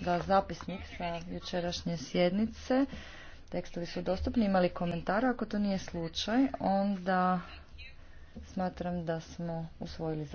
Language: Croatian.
da zapisnik sa jučerašnje sjednice. Tekstovi su dostupni. Imali komentara? Ako to nije slučaj, onda smatram da smo usvojili zapisnik.